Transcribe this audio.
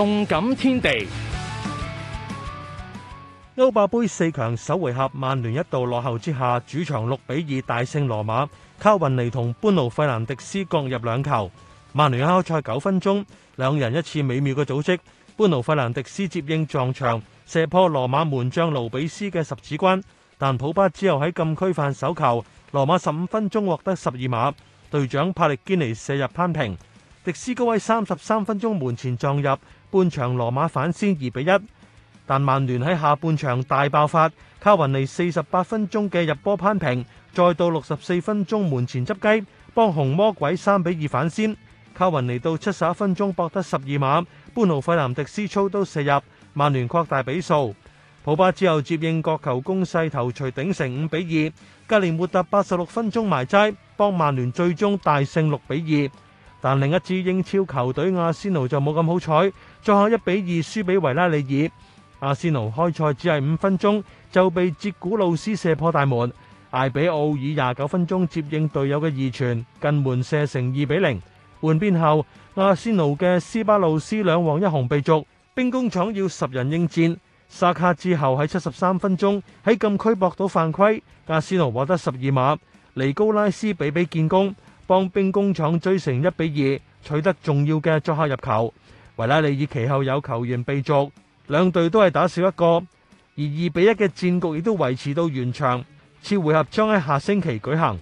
動感天地，歐霸盃四強首回合，曼聯一度落後之下，主場六比二大勝羅馬。卡雲尼同般奴費南迪斯各入兩球。曼聯開賽九分鐘，兩人一次美妙嘅組織，般奴費南迪斯接應撞牆射破羅馬門將盧比斯嘅十指關，但普巴之後喺禁區犯手球。羅馬十五分鐘獲得十二碼，隊長柏歷堅尼射入扳平。迪斯高喺三十三分鐘門前撞入，半場羅馬反先二比一。但曼聯喺下半場大爆發，卡雲尼四十八分鐘嘅入波攀平，再到六十四分鐘門前執雞，幫紅魔鬼三比二反先。卡雲尼到七十一分鐘博得十二碼，般奴費南迪斯操刀射入，曼聯擴大比數。普巴之後接應角球攻勢，頭槌頂成五比二。格連活特八十六分鐘埋齋，幫曼聯最終大勝六比二。但另一支英超球隊阿仙奴就冇咁好彩，再下一比二輸俾維拉利爾。阿仙奴開賽只係五分鐘就被捷古路斯射破大門，艾比奧以廿九分鐘接應隊友嘅二傳近門射成二比零。換邊後，阿仙奴嘅施巴路斯兩黃一紅被逐，兵工廠要十人應戰。薩卡之後喺七十三分鐘喺禁區搏到犯規，阿仙奴獲得十二碼，尼高拉斯比比建功。幫兵工廠追成一比二，取得重要嘅作客入球。維拉利爾其後有球員被逐，兩隊都係打少一個，而二比一嘅戰局亦都維持到完場。次回合將喺下星期舉行。